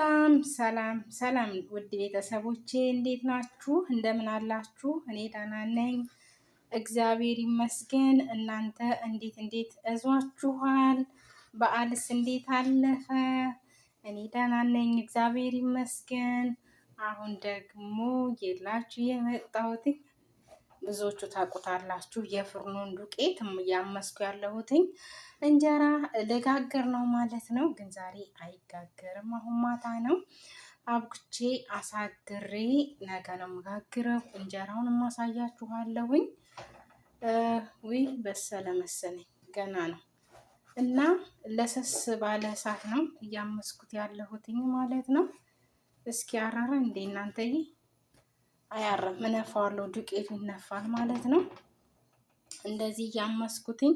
ሰላም ሰላም ሰላም ውድ ቤተሰቦቼ እንዴት ናችሁ? እንደምን አላችሁ? እኔ ደህና ነኝ እግዚአብሔር ይመስገን። እናንተ እንዴት እንዴት እዟችኋል? በዓልስ እንዴት አለፈ? እኔ ደህና ነኝ እግዚአብሔር ይመስገን። አሁን ደግሞ የላችሁ የመጣሁት ብዙዎቹ ታውቁታላችሁ። የፍርኑን ዱቄት እያመስኩ ያለሁትኝ እንጀራ ልጋግር ነው ማለት ነው። ግን ዛሬ አይጋገርም፣ አሁን ማታ ነው አብኩቼ አሳድሬ ነገ ነው መጋግረው። እንጀራውን ማሳያችኋለሁኝ። ውይ በሰለ መሰለኝ ገና ነው እና ለሰስ ባለ እሳት ነው እያመስኩት ያለሁትኝ ማለት ነው። እስኪ አራራ እንዴ እናንተዬ አያርም እነፋዋለሁ። ዱቄቱ ይነፋል ማለት ነው። እንደዚህ እያመስኩትኝ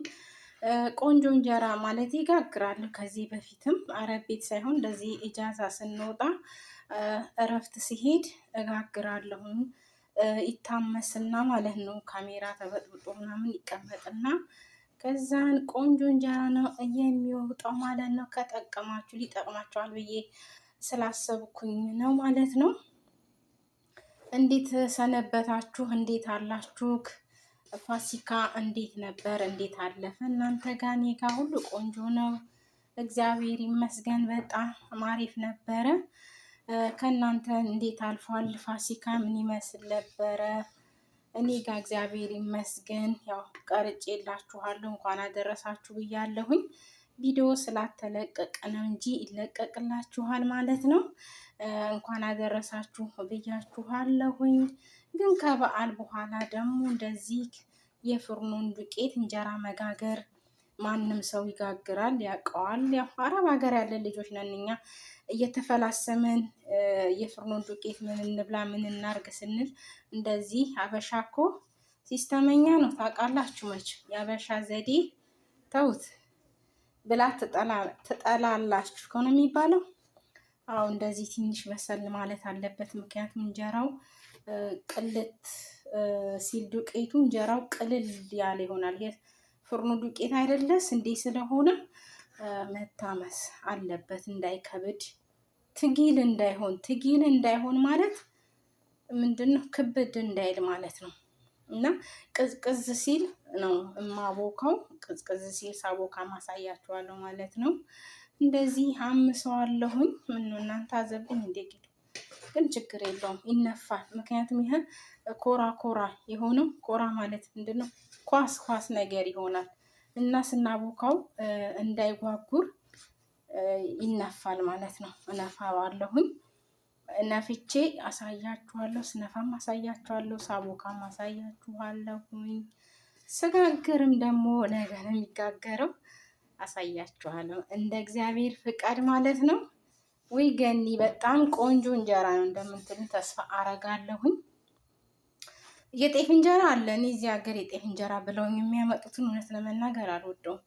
ቆንጆ እንጀራ ማለት ይጋግራል። ከዚህ በፊትም አረብ ቤት ሳይሆን እንደዚህ እጃዛ ስንወጣ እረፍት ሲሄድ እጋግራለሁ። ይታመስና ማለት ነው። ካሜራ ተበጥብጦ ምናምን ይቀመጥና ከዛን ቆንጆ እንጀራ ነው የሚወጣው ማለት ነው። ከጠቀማችሁ ሊጠቅማችኋል ብዬ ስላሰብኩኝ ነው ማለት ነው። እንዴት ሰነበታችሁ? እንዴት አላችሁ? ፋሲካ እንዴት ነበር? እንዴት አለፈ? እናንተ ጋ እኔ ጋ ሁሉ ቆንጆ ነው፣ እግዚአብሔር ይመስገን። በጣም አሪፍ ነበረ። ከእናንተ እንዴት አልፏል? ፋሲካ ምን ይመስል ነበረ? እኔ ጋ እግዚአብሔር ይመስገን። ያው ቀርጭ የላችኋለሁ እንኳን አደረሳችሁ ብያለሁኝ። ቪዲዮ ስላተለቀቀ ነው እንጂ ይለቀቅላችኋል ማለት ነው። እንኳን አደረሳችሁ ብያችኋለሁኝ። ግን ከበዓል በኋላ ደግሞ እንደዚህ የፍርኑን ዱቄት እንጀራ መጋገር ማንም ሰው ይጋግራል፣ ያውቀዋል። ያው አረብ ሀገር ያለ ልጆች ነን እኛ እየተፈላሰመን የፍርኑን ዱቄት ምን እንብላ ምን እናርግ ስንል እንደዚህ አበሻ እኮ ሲስተመኛ ነው ታውቃላችሁ። መች የአበሻ ዘዴ ተውት። ብላ ትጠላላችሁ ከሆነ የሚባለው አው እንደዚህ ትንሽ በሰል ማለት አለበት። ምክንያቱም እንጀራው ቅልት ሲል ዱቄቱ እንጀራው ቅልል ያለ ይሆናል። ፍርኑ ዱቄት አይደለስ እንዴ ስለሆነ መታመስ አለበት እንዳይከብድ፣ ትጊል እንዳይሆን። ትጊል እንዳይሆን ማለት ምንድን ነው? ክብድ እንዳይል ማለት ነው። እና ቅዝቅዝ ሲል ነው የማቦካው። ቅዝቅዝ ሲል ሳቦካ ማሳያችኋለሁ ማለት ነው። እንደዚህ አምሰዋለሁኝ። ምነው እናንተ አዘብኝ እንዴ? ግን ችግር የለውም ይነፋል። ምክንያቱም ይህ ኮራ ኮራ የሆነው ኮራ ማለት ምንድን ነው? ኳስ ኳስ ነገር ይሆናል እና ስናቦካው እንዳይጓጉር ይነፋል ማለት ነው። እነፋዋለሁኝ ነፍቼ አሳያችኋለሁ። ስነፋም አሳያችኋለሁ። ሳቦካም አሳያችኋለሁ። ስጋግርም ደግሞ ነገ ነው የሚጋገረው፣ አሳያችኋለሁ። እንደ እግዚአብሔር ፍቃድ ማለት ነው። ወይ ገኒ በጣም ቆንጆ እንጀራ ነው እንደምትሉ ተስፋ አረጋለሁኝ። የጤፍ እንጀራ አለ። እኔ እዚህ ሀገር የጤፍ እንጀራ ብለውኝ የሚያመጡትን እውነት ለመናገር አልወደውም።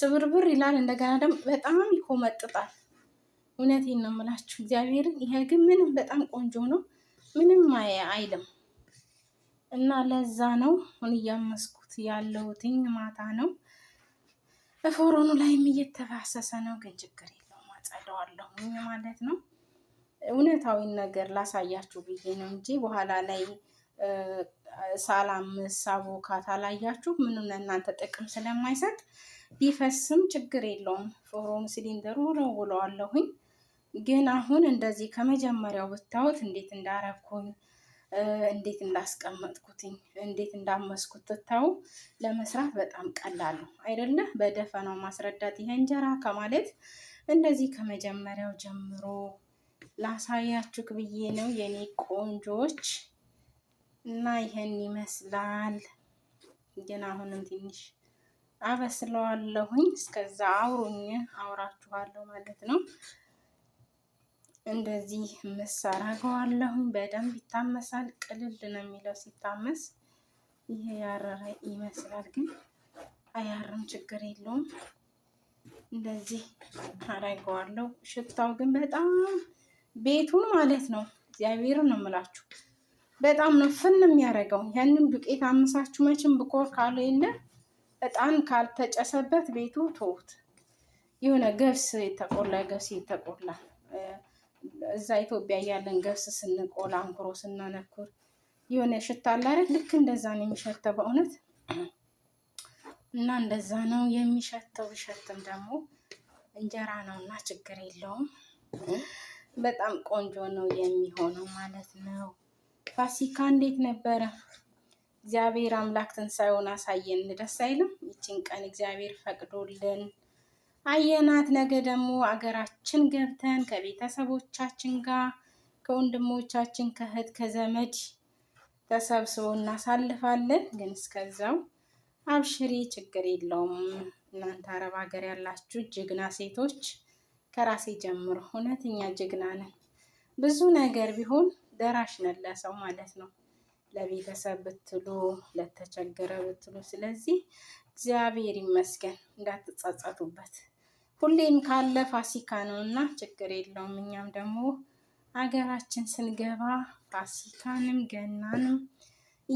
ስብርብር ይላል። እንደገና ደግሞ በጣም ይኮመጥጣል። እውነቴን ነው የምላችሁ እግዚአብሔርን። ይሄ ግን ምንም በጣም ቆንጆ ነው፣ ምንም አይልም። እና ለዛ ነው አሁን እያመስኩት ያለሁትኝ ማታ ነው። በፎሮኑ ላይም እየተፋሰሰ ነው፣ ግን ችግር የለውም አጸደዋለሁኝ ማለት ነው። እውነታዊን ነገር ላሳያችሁ ብዬ ነው እንጂ በኋላ ላይ ሳላምስ ሳቦካ ላያችሁ ምንም ለእናንተ ጥቅም ስለማይሰጥ ቢፈስም ችግር የለውም። ፎሮኑ ሲሊንደሩ ወለውለዋለሁኝ። ግን አሁን እንደዚህ ከመጀመሪያው ብታዩት እንዴት እንዳረኩኝ እንዴት እንዳስቀመጥኩትኝ እንዴት እንዳመስኩት ብታዩ ለመስራት በጣም ቀላል ነው አይደለ? በደፈናው ማስረዳት ይሄ እንጀራ ከማለት እንደዚህ ከመጀመሪያው ጀምሮ ላሳያችሁ ብዬ ነው የኔ ቆንጆች እና ይሄን ይመስላል። ግን አሁንም ትንሽ አበስለዋለሁኝ። እስከዛ አውሩኝ፣ አውራችኋለሁ ማለት ነው። እንደዚህ ምስ በደንብ ይታመሳል። ቅልል ነው የሚለው ሲታመስ። ይሄ ያረረ ይመስላል፣ ግን አያርም። ችግር የለውም። እንደዚህ አረገዋለሁ። ሽታው ግን በጣም ቤቱን ማለት ነው እግዚአብሔር ነው የምላችሁ በጣም ነው ፍን የሚያደርገው። ያንን ዱቄት አምሳችሁ መቼም ብኮር ካለ የለ እጣን ካልተጨሰበት ቤቱ ተውት። የሆነ ገብስ የተቆላ ገብስ የተቆላ እዛ ኢትዮጵያ እያለን ገብስ ስንቆላ አንኩሮ ስናነኩር የሆነ ሽታ አለ አይደል? ልክ እንደዛ ነው የሚሸተው በእውነት እና እንደዛ ነው የሚሸተው። ሸትም ደግሞ እንጀራ ነው እና ችግር የለውም። በጣም ቆንጆ ነው የሚሆነው ማለት ነው። ፋሲካ እንዴት ነበረ? እግዚአብሔር አምላክ ትንሣኤውን አሳየን። ደስ አይልም? ይችን ቀን እግዚአብሔር ፈቅዶልን አየናት። ነገ ደግሞ አገራችን ገብተን ከቤተሰቦቻችን ጋር ከወንድሞቻችን ከእህት ከዘመድ ተሰብስቦ እናሳልፋለን። ግን እስከዛው አብሽሪ፣ ችግር የለውም። እናንተ አረብ ሀገር ያላችሁ ጀግና ሴቶች ከራሴ ጀምሮ እውነተኛ ጀግና ነን። ብዙ ነገር ቢሆን ደራሽ ነን ለሰው ማለት ነው፣ ለቤተሰብ ብትሉ፣ ለተቸገረ ብትሉ። ስለዚህ እግዚአብሔር ይመስገን፣ እንዳትጸጸቱበት። ሁሌም ካለ ፋሲካ ነው እና ችግር የለውም። እኛም ደግሞ አገራችን ስንገባ ፋሲካንም ገናንም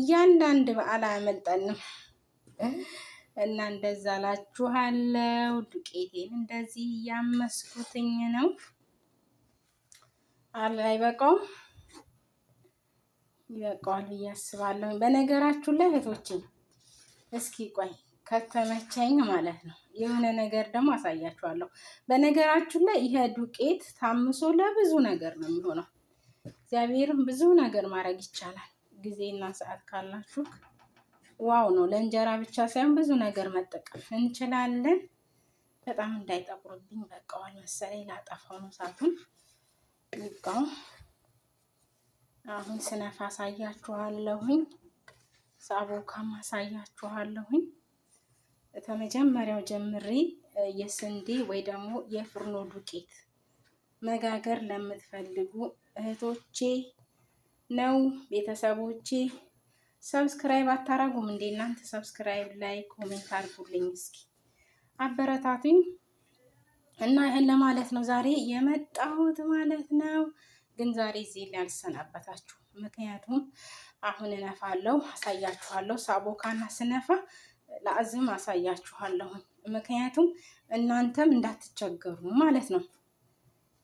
እያንዳንድ በዓል አያመልጠንም እና እንደዛ ላችኋለው። ዱቄቴን እንደዚህ እያመስኩትኝ ነው። አለ አይበቃውም፣ ይበቃዋል ብዬ አስባለሁ። በነገራችሁ ላይ እህቶቼ እስኪ ቆይ ከተመቸኝ ማለት ነው። የሆነ ነገር ደግሞ አሳያችኋለሁ። በነገራችን ላይ ይሄ ዱቄት ታምሶ ለብዙ ነገር ነው የሚሆነው። እግዚአብሔርም ብዙ ነገር ማድረግ ይቻላል። ጊዜና ሰዓት ካላችሁ ዋው ነው። ለእንጀራ ብቻ ሳይሆን ብዙ ነገር መጠቀም እንችላለን። በጣም እንዳይጠቁርብኝ በቃዋል መሰለኝ ላጠፋው ነው ሳቱን ይቃው አሁን ስነፋ አሳያችኋለሁኝ። ሳቦካም አሳያችኋለሁኝ። ከመጀመሪያው ጀምሬ የስንዴ ወይ ደግሞ የፍርኖ ዱቄት መጋገር ለምትፈልጉ እህቶቼ ነው ቤተሰቦቼ። ሰብስክራይብ አታረጉም እንዴ እናንተ? ሰብስክራይብ ላይ ኮሜንት አርጉልኝ እስኪ አበረታቱኝ። እና ይህን ለማለት ነው ዛሬ የመጣሁት ማለት ነው። ግን ዛሬ እዚህ ሊያልሰናበታችሁ ምክንያቱም አሁን እነፋለሁ አሳያችኋለሁ። ሳቦካና ስነፋ ለአዝም አሳያችኋለሁ። ምክንያቱም እናንተም እንዳትቸገሩ ማለት ነው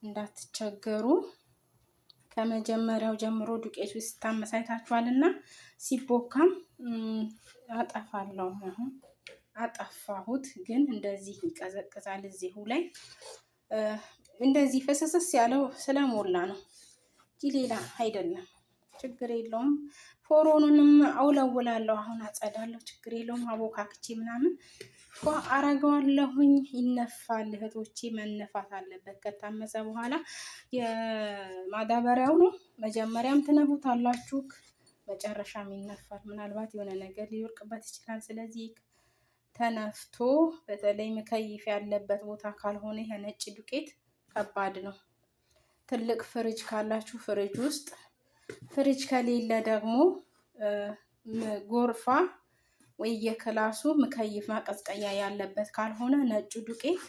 እንዳትቸገሩ ከመጀመሪያው ጀምሮ ዱቄቱ ስታመሳይታችኋል እና ሲቦካም አጠፋለሁ። አሁን አጠፋሁት፣ ግን እንደዚህ ይቀዘቅዛል። እዚሁ ላይ እንደዚህ ፈሰሰስ ያለው ስለሞላ ነው እንጂ ሌላ አይደለም። ችግር የለውም። ፎሮኑንም አውለውላለሁ አሁን አጸዳለሁ፣ ችግር የለውም። አቦካክቼ ምናምን አረገዋለሁኝ። ይነፋል እህቶቼ፣ መነፋት አለበት። ከታመሰ በኋላ የማዳበሪያው ነው መጀመሪያም ትነፉት አላችሁ፣ መጨረሻም ይነፋል። ምናልባት የሆነ ነገር ሊወርቅበት ይችላል። ስለዚህ ተነፍቶ በተለይ መከይፍ ያለበት ቦታ ካልሆነ ይሄ ነጭ ዱቄት ከባድ ነው። ትልቅ ፍሪጅ ካላችሁ ፍሪጅ ውስጥ ፍሪጅ ከሌለ ደግሞ ጎርፋ ወይ የክላሱ ምከይፍ ማቀዝቀያ ያለበት ካልሆነ ነጩ ዱቄት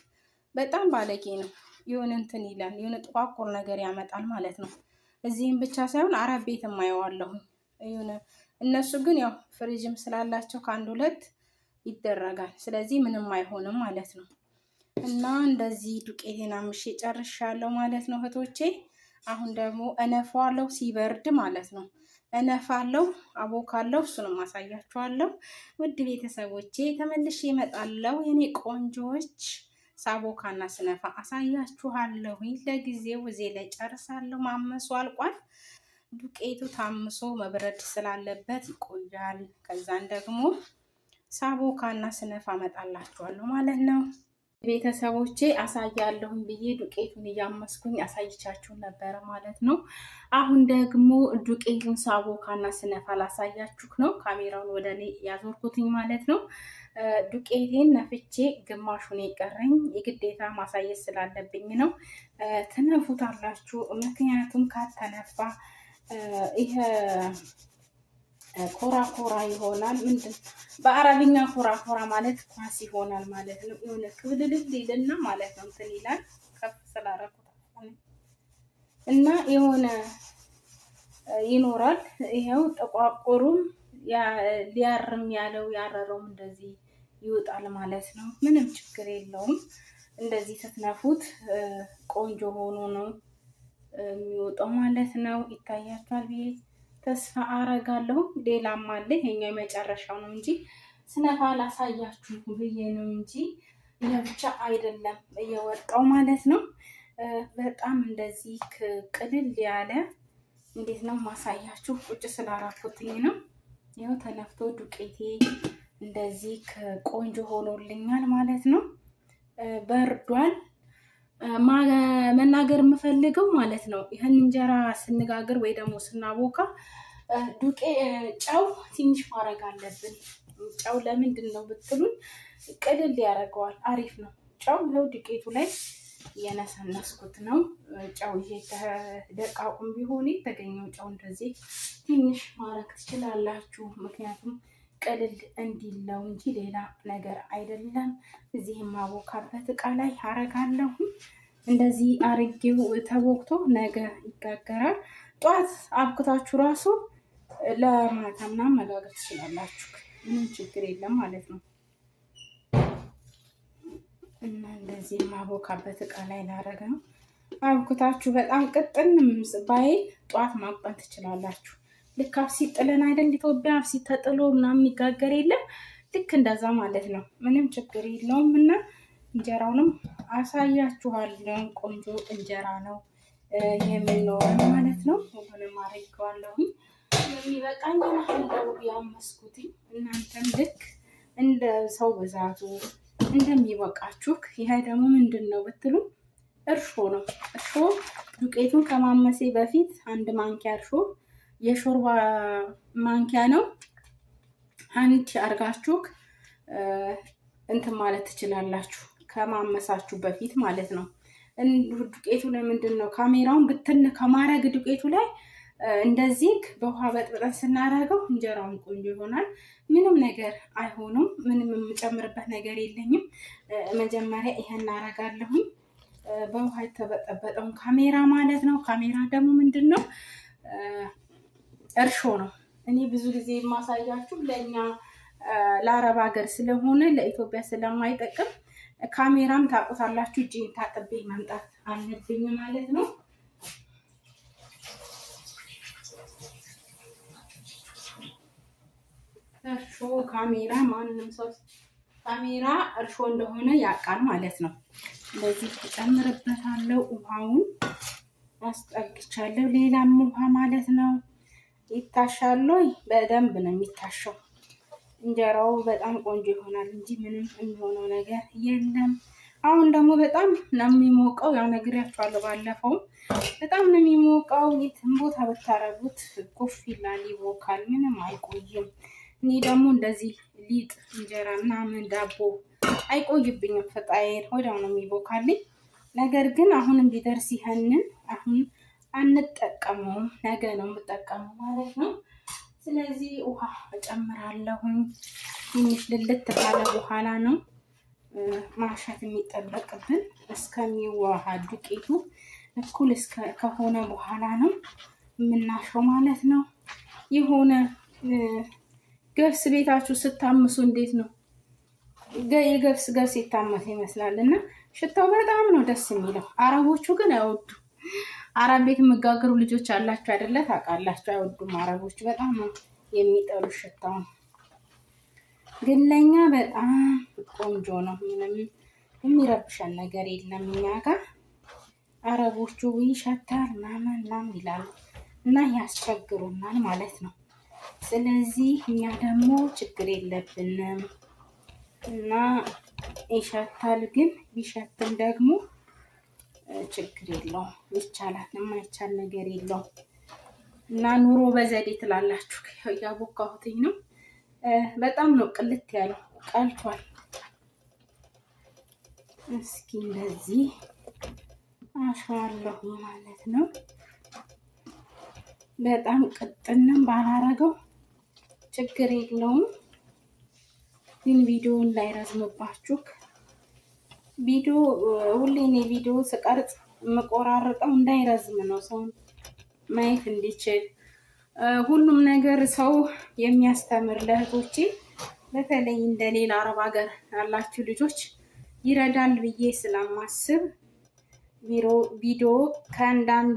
በጣም ባለጌ ነው። ይሁን እንትን ይላል፣ ይሁን ጥቋቁር ነገር ያመጣል ማለት ነው። እዚህም ብቻ ሳይሆን አረብ ቤት የማየዋለሁ። እነሱ ግን ያው ፍሪጅም ስላላቸው ከአንድ ሁለት ይደረጋል። ስለዚህ ምንም አይሆንም ማለት ነው። እና እንደዚህ ዱቄቴን አምሼ ጨርሻለሁ ማለት ነው እህቶቼ። አሁን ደግሞ እነፋለሁ ሲበርድ ማለት ነው። እነፋለሁ አቦካለሁ፣ እሱንም አሳያችኋለሁ። ውድ ቤተሰቦቼ ተመልሼ እመጣለሁ። የኔ ቆንጆዎች ሳቦካና ስነፋ አሳያችኋለሁ። ለጊዜው እዜ ላይ ጨርሳለሁ። ማመሱ አልቋል። ዱቄቱ ታምሶ መብረድ ስላለበት ይቆያል። ከዛን ደግሞ ሳቦካና ስነፋ እመጣላችኋለሁ ማለት ነው። ቤተሰቦቼ አሳያለሁኝ ብዬ ዱቄቱን እያመስኩኝ አሳይቻችሁ ነበረ ማለት ነው። አሁን ደግሞ ዱቄቱን ሳቦካና ስነፋ ላሳያችሁ ነው። ካሜራውን ወደ እኔ ያዞርኩትኝ ማለት ነው። ዱቄቴን ነፍቼ ግማሹን የቀረኝ የግዴታ ማሳየት ስላለብኝ ነው። ትነፉታላችሁ። ምክንያቱም ካተነፋ ይሄ ኮራ ኮራ ይሆናል። ምንድን በአረብኛ ኮራ ኮራ ማለት ኳስ ይሆናል ማለት ነው። የሆነ ክብልልል ይልና ማለት ነው እንትን ይላል ከፍ ስላደረኩት እና የሆነ ይኖራል። ይኸው ጠቋቁሩም ሊያርም ያለው ያረረውም እንደዚህ ይወጣል ማለት ነው። ምንም ችግር የለውም። እንደዚህ ስትነፉት ቆንጆ ሆኖ ነው የሚወጣው ማለት ነው። ይታያችኋል ብዬ ተስፋ አረጋለሁ። ሌላም አለ። ይሄኛው የመጨረሻው ነው እንጂ ስነፋ ላሳያችሁ ብዬ ነው እንጂ ለብቻ አይደለም እየወጣው ማለት ነው። በጣም እንደዚህ ቅልል ያለ እንዴት ነው ማሳያችሁ? ቁጭ ስላራኩትኝ ነው። ይኸው ተነፍቶ ዱቄቴ እንደዚህ ቆንጆ ሆኖልኛል ማለት ነው። በርዷል። መናገር የምፈልገው ማለት ነው ይህን እንጀራ ስንጋግር ወይ ደግሞ ስናቦካ ዱቄ ጨው ትንሽ ማድረግ አለብን። ጨው ለምንድን ነው ብትሉን፣ ቅልል ያደርገዋል። አሪፍ ነው ጨው። ይኸው ዱቄቱ ላይ የነሰነስኩት ነው ጨው። ይሄ ደቃቁም ቢሆን የተገኘው ጨው እንደዚህ ትንሽ ማድረግ ትችላላችሁ። ምክንያቱም ቅልል እንዲለው እንጂ ሌላ ነገር አይደለም። እዚህም ማቦካበት እቃ ላይ አረጋለሁ። እንደዚህ አርጌው ተቦክቶ ነገ ይጋገራል። ጠዋት አብክታችሁ ራሱ ለማታ ምናምን መጋገር ትችላላችሁ። ምንም ችግር የለም ማለት ነው። እና እንደዚህ ማቦካበት እቃ ላይ ላረገ ነው። አብክታችሁ በጣም ቅጥን ባይ ጠዋት ማቅጠን ትችላላችሁ። ልክ አብሲት ጥለን አይደል ኢትዮጵያ አብሲት ተጥሎ ምናምን ይጋገር የለም ልክ እንደዛ ማለት ነው። ምንም ችግር የለውም እና እንጀራውንም አሳያችኋለሁ። ቆንጆ እንጀራ ነው የምንኖረን ማለት ነው። ሁሉንም አድርጌዋለሁኝ የሚበቃኝ ናህንደሩ ያመስኩትኝ እናንተም ልክ እንደ ሰው ብዛቱ እንደሚበቃችሁ። ይሄ ደግሞ ምንድን ነው ብትሉ እርሾ ነው። እርሾ ዱቄቱን ከማመሴ በፊት አንድ ማንኪያ እርሾ የሾርባ ማንኪያ ነው። አንድ አርጋችሁ እንትን ማለት ትችላላችሁ፣ ከማመሳችሁ በፊት ማለት ነው። ዱቄቱ ላይ ምንድን ነው ካሜራውን ብትን ከማረግ ዱቄቱ ላይ እንደዚህ በውሃ በጥብጠን ስናደረገው እንጀራውን ቆንጆ ይሆናል። ምንም ነገር አይሆኑም ምንም የምጨምርበት ነገር የለኝም። መጀመሪያ ይሄን አረጋለሁኝ። በውሃ የተበጠበጠውን ካሜራ ማለት ነው። ካሜራ ደግሞ ምንድን ነው እርሾ ነው። እኔ ብዙ ጊዜ የማሳያችሁ ለእኛ ለአረብ ሀገር ስለሆነ ለኢትዮጵያ ስለማይጠቅም ካሜራም ታቁታላችሁ። እጄን ታጥቤ መምጣት አለብኝ ማለት ነው። እርሾ ካሜራ ማንም ሰው ካሜራ እርሾ እንደሆነ ያውቃል ማለት ነው። እንደዚህ ተጨምርበታለው። ውሃውን አስጠግቻለሁ። ሌላም ውሃ ማለት ነው። ይታሻል ወይ? በደንብ ነው የሚታሸው። እንጀራው በጣም ቆንጆ ይሆናል እንጂ ምንም የሚሆነው ነገር የለም። አሁን ደግሞ በጣም ነው የሚሞቀው። ያው ነግሬያችኋለሁ ባለፈው፣ በጣም ነው የሚሞቀው። የትም ቦታ ብታረጉት ኮፍ ይላል፣ ይቦካል፣ ምንም አይቆይም። እኔ ደግሞ እንደዚህ ሊጥ እንጀራ ምናምን ዳቦ አይቆይብኝም። ፈጣዬ ወዲያው ነው የሚቦካልኝ። ነገር ግን አሁንም ቢደርስ ይህንን አሁን አንጠቀመውም፣ ነገ ነው የምጠቀመው ማለት ነው። ስለዚህ ውሃ እጨምራለሁኝ። ትንሽ ልልት ባለ በኋላ ነው ማሸት የሚጠበቅብን እስከሚዋሃድ ዱቄቱ እኩል ከሆነ በኋላ ነው የምናሸው ማለት ነው። የሆነ ገብስ ቤታችሁ ስታምሱ እንዴት ነው የገብስ ገብስ የታመሰ ይመስላል እና ሽታው በጣም ነው ደስ የሚለው። አረቦቹ ግን አይወዱ አረብ ቤት የምጋገሩ ልጆች አላችሁ አይደለ? ታውቃላችሁ። አይወዱም አረቦች በጣም ነው የሚጠሉ ሽታው ግን ለእኛ በጣም ቆንጆ ነው። ምንም የሚረብሻል ነገር የለም እኛ ጋ አረቦቹ ይሸታል ምናምን ምናምን ይላሉ እና ያስቸግሩናል ማለት ነው። ስለዚህ እኛ ደግሞ ችግር የለብንም እና ይሸታል። ግን ቢሸትም ደግሞ ችግር የለውም፣ ይቻላል። የማይቻል ነገር የለውም። እና ኑሮ በዘዴ ትላላችሁ። ያቦካሁትኝ ነው። በጣም ነው ቅልት ያለው፣ ቀልቷል። እስኪ እንደዚህ አሸዋለሁ ማለት ነው። በጣም ቅጥንም ባላረገው ችግር የለውም፣ ግን ቪዲዮውን እንዳይረዝምባችሁ ቪዲዮ ሁሌ እኔ ቪዲዮ ስቀርጽ የምቆራርጠው እንዳይረዝም ነው፣ ሰውን ማየት እንዲችል ሁሉም ነገር ሰው የሚያስተምር ለእህቶቼ፣ በተለይ እንደ ሌላ አረብ ሀገር ያላችሁ ልጆች ይረዳል ብዬ ስለማስብ ቪዲዮ ከአንዳንድ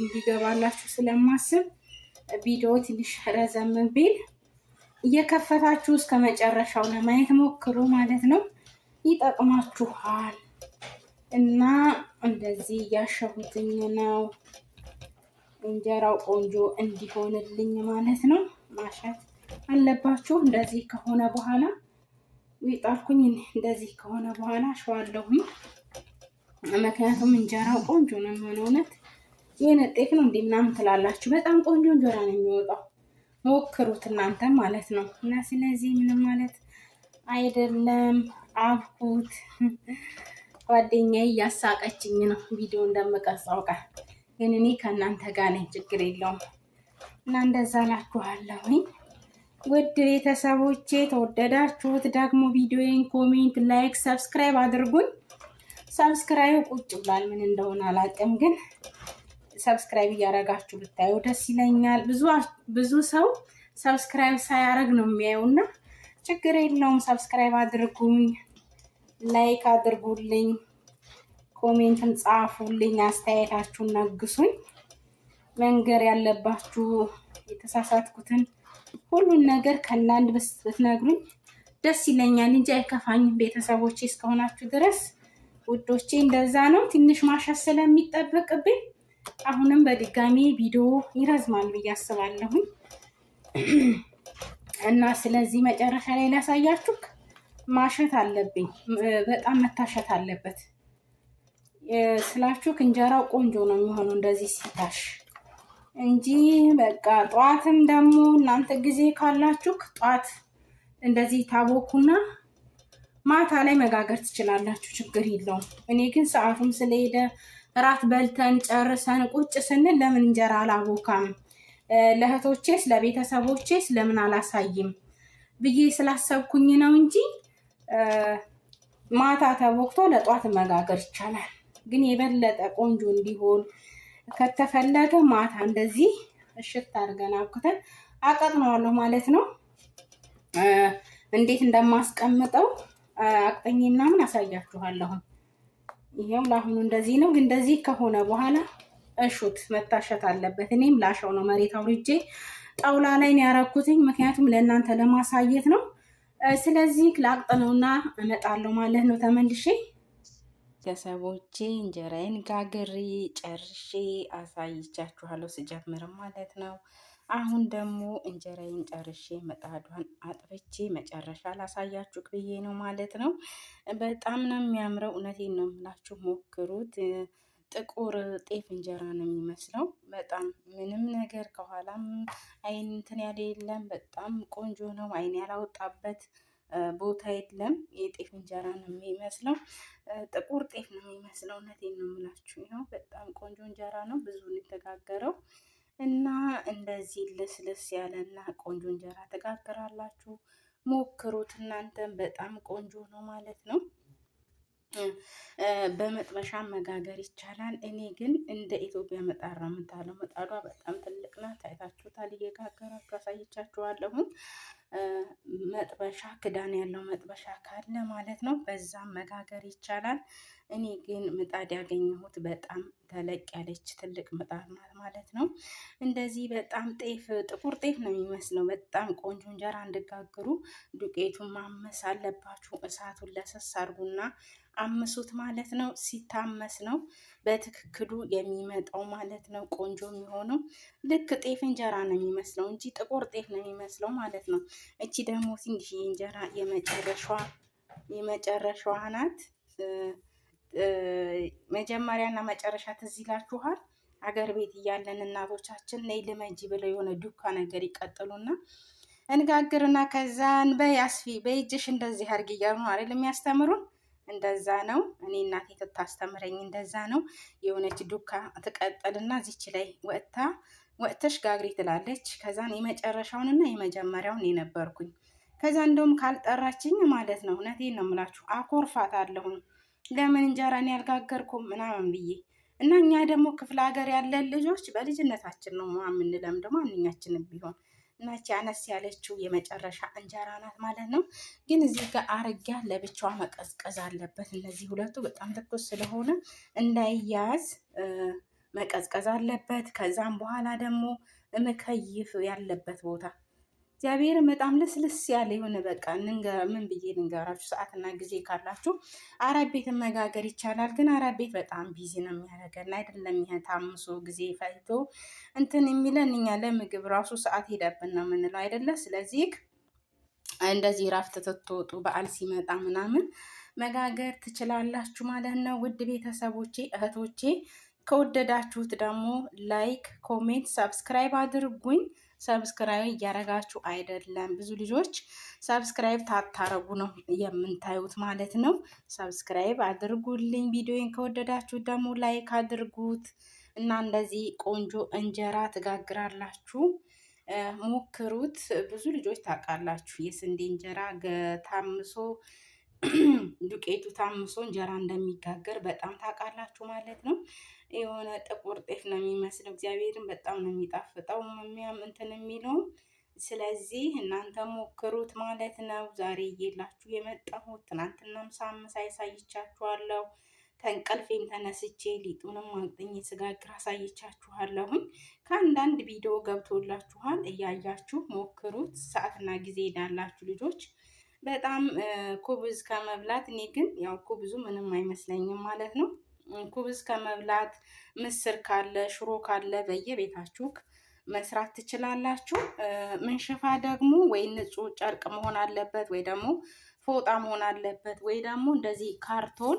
እንዲገባላችሁ ስለማስብ ቪዲዮ ትንሽ ረዘም ቢል እየከፈታችሁ እስከ መጨረሻው ለማየት ሞክሩ ማለት ነው። ይጠቅማችኋል እና እንደዚህ እያሸሁትኝ ነው። እንጀራው ቆንጆ እንዲሆንልኝ ማለት ነው ማሸት አለባችሁ። እንደዚህ ከሆነ በኋላ ጣልኩኝ። እንደዚህ ከሆነ በኋላ አሸዋለሁኝ። ምክንያቱም እንጀራው ቆንጆ ነው የሚሆነው። እውነት ይህን ጤፍ ነው እንዲ ምናምን ትላላችሁ። በጣም ቆንጆ እንጀራ ነው የሚወጣው። ሞክሩት እናንተ ማለት ነው እና ስለዚህ ምንም ማለት አይደለም። አብኩት። ጓደኛዬ እያሳቀችኝ ነው። ቪዲዮ እንደምቀርጸው ቀን ግን እኔ ከእናንተ ጋር ነኝ፣ ችግር የለውም። እና እንደዛ ላችኋለሁኝ ውድ ቤተሰቦቼ ተወደዳችሁት፣ ደግሞ ቪዲዮዬን ኮሜንት፣ ላይክ፣ ሰብስክራይብ አድርጉኝ። ሰብስክራይብ ቁጭ ብሏል፣ ምን እንደሆነ አላውቅም፣ ግን ሰብስክራይብ እያደረጋችሁ ብታየው ደስ ይለኛል። ብዙ ሰው ሰብስክራይብ ሳያደርግ ነው የሚያየውና ችግር የለውም። ሰብስክራይብ አድርጉኝ፣ ላይክ አድርጉልኝ፣ ኮሜንትን ጻፉልኝ፣ አስተያየታችሁን ነግሱኝ። መንገር ያለባችሁ የተሳሳትኩትን ሁሉን ነገር ከእናንድ ብትነግሩኝ ደስ ይለኛል እንጂ አይከፋኝም። ቤተሰቦቼ እስከሆናችሁ ድረስ ውዶቼ፣ እንደዛ ነው። ትንሽ ማሻት ስለሚጠበቅብኝ አሁንም በድጋሚ ቪዲዮ ይረዝማል ብዬ አስባለሁኝ። እና ስለዚህ መጨረሻ ላይ ላሳያችሁ ማሸት አለብኝ። በጣም መታሸት አለበት ስላችሁ እንጀራው ቆንጆ ነው የሚሆነው እንደዚህ ሲታሽ እንጂ በቃ ጠዋትም ደግሞ እናንተ ጊዜ ካላችሁ ጠዋት እንደዚህ ታቦኩና ማታ ላይ መጋገር ትችላላችሁ፣ ችግር የለውም። እኔ ግን ሰዓቱም ስለሄደ እራት በልተን ጨርሰን ቁጭ ስንል ለምን እንጀራ አላቦካም? ለእህቶቼስ ለቤተሰቦቼስ ለምን አላሳይም ብዬ ስላሰብኩኝ ነው እንጂ ማታ ተቦክቶ ለጧት መጋገር ይቻላል። ግን የበለጠ ቆንጆ እንዲሆን ከተፈለገ ማታ እንደዚህ እሽት አድርገን አብክተን አቀጥነዋለሁ ማለት ነው። እንዴት እንደማስቀምጠው አቅጠኝ ምናምን አሳያችኋለሁ። ይሄው ለአሁኑ እንደዚህ ነው። ግን እንደዚህ ከሆነ በኋላ እሹት መታሸት አለበት። እኔም ላሸው ነው መሬት አውርጄ ጣውላ ላይ ነው ያረኩትኝ፣ ምክንያቱም ለእናንተ ለማሳየት ነው። ስለዚህ ላቅጥ ነውና እመጣለሁ ማለት ነው ተመልሼ ቤተሰቦቼ እንጀራዬን ጋግሬ ጨርሼ አሳይቻችኋለሁ፣ ስጀምር ማለት ነው። አሁን ደግሞ እንጀራዬን ጨርሼ መጣዷን አጥብቼ መጨረሻ ላሳያችሁ ብዬ ነው ማለት ነው። በጣም ነው የሚያምረው። እውነቴን ነው የምላችሁ፣ ሞክሩት። ጥቁር ጤፍ እንጀራ ነው የሚመስለው። በጣም ምንም ነገር ከኋላም አይን እንትን ያለ የለም። በጣም ቆንጆ ነው። አይን ያላወጣበት ቦታ የለም። የጤፍ እንጀራ ነው የሚመስለው። ጥቁር ጤፍ ነው የሚመስለው። እውነቴን ነው የምላችሁ። ነው በጣም ቆንጆ እንጀራ ነው። ብዙ የተጋገረው እና እንደዚህ ልስልስ ያለና ቆንጆ እንጀራ ተጋግራላችሁ። ሞክሩት እናንተም በጣም ቆንጆ ነው ማለት ነው። በመጥበሻ መጋገር ይቻላል። እኔ ግን እንደ ኢትዮጵያ መጣድ ነው የምታለው። መጣዷ በጣም ትልቅ ናት። አይታችሁታል፣ እየጋገራችሁ አሳይቻችኋለሁ። መጥበሻ ክዳን ያለው መጥበሻ ካለ ማለት ነው በዛም መጋገር ይቻላል። እኔ ግን ምጣድ ያገኘሁት በጣም ተለቅ ያለች ትልቅ ምጣድ ማለት ነው። እንደዚህ በጣም ጤፍ ጥቁር ጤፍ ነው የሚመስለው። በጣም ቆንጆ እንጀራ እንድጋግሩ ዱቄቱን ማመስ አለባችሁ። እሳቱን ለሰስ አድርጉና አምሱት ማለት ነው። ሲታመስ ነው በትክክሉ የሚመጣው ማለት ነው። ቆንጆ የሚሆነው ልክ ጤፍ እንጀራ ነው የሚመስለው እንጂ ጥቁር ጤፍ ነው የሚመስለው ማለት ነው። እቺ ደግሞ ትንሽ እንጀራ የመጨረሻዋ የመጨረሻዋ ናት። መጀመሪያና መጨረሻ ትዝ ይላችኋል። አገር ቤት እያለን እናቶቻችን ነይ ልመጂ ብለው የሆነ ዱካ ነገር ይቀጥሉና እንጋግርና ከዛን በይ አስፊ በይጅሽ እንደዚህ አድርጊ እያሉ ነው አይደል የሚያስተምሩን። እንደዛ ነው። እኔ እናቴ ትታስተምረኝ እንደዛ ነው። የሆነች ዱካ ትቀጥልና እዚች ላይ ወጥታ ወጥተሽ ጋግሪ ትላለች። ከዛን የመጨረሻውንና የመጀመሪያውን የነበርኩኝ ከዛ እንደውም ካልጠራችኝ ማለት ነው። እውነቴን ነው የምላችሁ አለሁን። ለምን እንጀራ ያልጋገርኩም ምናምን ብዬ እና እኛ ደግሞ ክፍለ ሀገር ያለን ልጆች በልጅነታችን ነው ደግሞ ማንኛችንም ቢሆን እናቺ አነስ ያለችው የመጨረሻ እንጀራ ናት ማለት ነው። ግን እዚህ ጋር አርጊያ ለብቻዋ መቀዝቀዝ አለበት። እነዚህ ሁለቱ በጣም ትኩስ ስለሆነ እንዳይያዝ መቀዝቀዝ አለበት። ከዛም በኋላ ደግሞ መከይፍ ያለበት ቦታ እግዚአብሔር በጣም ልስልስ ያለ የሆነ በቃ ምን ብዬ ልንገራችሁ፣ ሰዓትና ጊዜ ካላችሁ አረብ ቤት መጋገር ይቻላል። ግን አረብ ቤት በጣም ቢዚ ነው የሚያደርገን አይደለም። ይህ ታምሶ ጊዜ ፈይቶ እንትን የሚለን እኛ ለምግብ ራሱ ሰዓት ሄደብን ነው የምንለው አይደለ? ስለዚህ እንደዚህ እረፍት ትትወጡ በዓል ሲመጣ ምናምን መጋገር ትችላላችሁ ማለት ነው። ውድ ቤተሰቦቼ እህቶቼ፣ ከወደዳችሁት ደግሞ ላይክ፣ ኮሜንት፣ ሰብስክራይብ አድርጉኝ። ሰብስክራይብ እያረጋችሁ አይደለም። ብዙ ልጆች ሰብስክራይብ ታታረጉ ነው የምንታዩት ማለት ነው። ሰብስክራይብ አድርጉልኝ። ቪዲዮን ከወደዳችሁ ደግሞ ላይክ አድርጉት እና እንደዚህ ቆንጆ እንጀራ ትጋግራላችሁ። ሞክሩት። ብዙ ልጆች ታውቃላችሁ የስንዴ እንጀራ ታምሶ ዱቄቱ ታምሶ እንጀራ እንደሚጋገር በጣም ታውቃላችሁ ማለት ነው። የሆነ ጥቁር ጤፍ ነው የሚመስለው። እግዚአብሔርን በጣም ነው የሚጣፍጠው የሚያም እንትን የሚለው ስለዚህ እናንተ ሞክሩት ማለት ነው። ዛሬ እየላችሁ የመጣሁት ትናንትናም ሳምንት አሳይቻችኋለሁ። ከእንቅልፌም ተነስቼ ሊጡንም አቅጥኝ ስጋግር አሳይቻችኋለሁኝ። ከአንዳንድ ቪዲዮ ገብቶላችኋል፣ እያያችሁ ሞክሩት። ሰዓትና ጊዜ ሄዳላችሁ ልጆች በጣም ኩብዝ ከመብላት እኔ ግን ያው ኩብዙ ምንም አይመስለኝም ማለት ነው። ኩብዝ ከመብላት ምስር ካለ ሽሮ ካለ በየቤታችሁ መስራት ትችላላችሁ። ምንሽፋ ደግሞ ወይ ንጹህ ጨርቅ መሆን አለበት፣ ወይ ደግሞ ፎጣ መሆን አለበት፣ ወይ ደግሞ እንደዚህ ካርቶን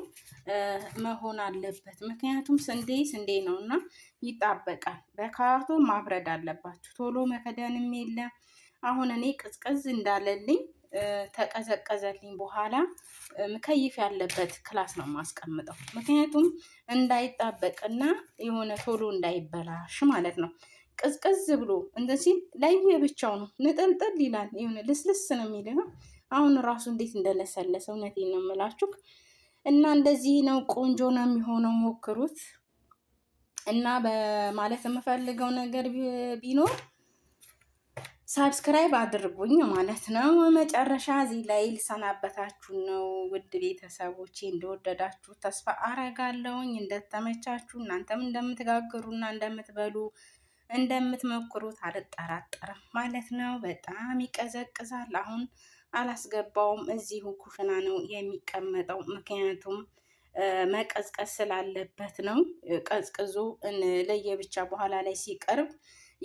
መሆን አለበት። ምክንያቱም ስንዴ ስንዴ ነው እና ይጣበቃል። በካርቶን ማብረድ አለባችሁ። ቶሎ መከደንም የለ አሁን እኔ ቅዝቅዝ እንዳለልኝ ተቀዘቀዘልኝ በኋላ ምከይፍ ያለበት ክላስ ነው የማስቀምጠው። ምክንያቱም እንዳይጣበቅና የሆነ ቶሎ እንዳይበላሽ ማለት ነው። ቅዝቅዝ ብሎ እንደዚህ ብቻው ነው ንጥልጥል ይላል። የሆነ ልስልስ ነው የሚል ነው። አሁን ራሱ እንዴት እንደለሰለሰ እውነቴን ነው የምላችሁ። እና እንደዚህ ነው ቆንጆ ነው የሚሆነው፣ ሞክሩት። እና በማለት የምፈልገው ነገር ቢኖር ሳብስክራይብ አድርጉኝ ማለት ነው። መጨረሻ እዚህ ላይ ልሰናበታችሁ ነው። ውድ ቤተሰቦቼ እንደወደዳችሁ ተስፋ አረጋለውኝ እንደተመቻችሁ እናንተም እንደምትጋግሩና እንደምትበሉ እንደምትሞክሩት አልጠራጠርም ማለት ነው። በጣም ይቀዘቅዛል። አሁን አላስገባውም፣ እዚሁ ኩሽና ነው የሚቀመጠው። ምክንያቱም መቀዝቀዝ ስላለበት ነው። ቀዝቅዙ ለየብቻ በኋላ ላይ ሲቀርብ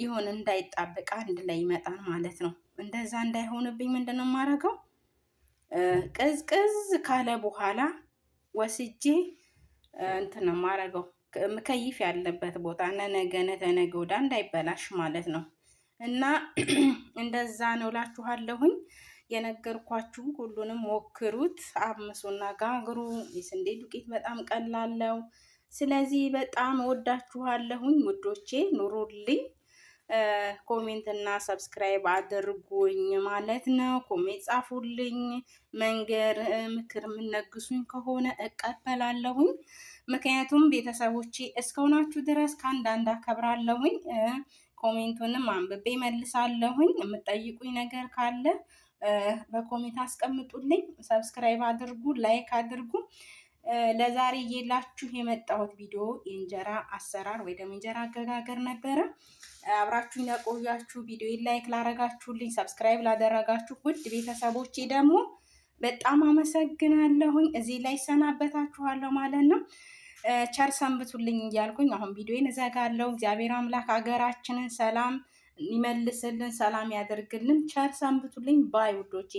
ይሁን እንዳይጣበቅ አንድ ላይ ይመጣል ማለት ነው። እንደዛ እንዳይሆንብኝ ምንድን ነው የማደርገው? ቅዝቅዝ ካለ በኋላ ወስጄ እንትን ነው የማደርገው ምከይፍ ያለበት ቦታ ነገ ተነገ ወዲያ እንዳይበላሽ ማለት ነው። እና እንደዛ ነው ላችኋለሁኝ የነገርኳችሁ ሁሉንም ሞክሩት፣ አምሱና ጋግሩ። የስንዴ ዱቄት በጣም ቀላለው ስለዚህ በጣም ወዳችኋለሁኝ ውዶቼ፣ ኑሩልኝ። ኮሜንት እና ሰብስክራይብ አድርጉኝ ማለት ነው። ኮሜንት ጻፉልኝ፣ መንገር ምክር የምነግሱኝ ከሆነ እቀበላለሁኝ። ምክንያቱም ቤተሰቦቼ እስከሆናችሁ ድረስ ከአንዳንድ አከብራለሁኝ። ኮሜንቱንም አንብቤ መልሳለሁኝ። የምጠይቁኝ ነገር ካለ በኮሜንት አስቀምጡልኝ። ሰብስክራይብ አድርጉ፣ ላይክ አድርጉ። ለዛሬ እየላችሁ የመጣሁት ቪዲዮ የእንጀራ አሰራር ወይ ደግሞ እንጀራ አገጋገር ነበረ። አብራችሁኝ ያቆያችሁ፣ ቪዲዮ ላይክ ላረጋችሁልኝ፣ ሰብስክራይብ ላደረጋችሁ ውድ ቤተሰቦቼ ደግሞ በጣም አመሰግናለሁኝ። እዚህ ላይ ሰናበታችኋለሁ ማለት ነው። ቸር ሰንብቱልኝ እያልኩኝ አሁን ቪዲዮን እዘጋለሁ። እግዚአብሔር አምላክ ሀገራችንን ሰላም ይመልስልን፣ ሰላም ያደርግልን። ቸር ሰንብቱልኝ። ባይ ውዶቼ።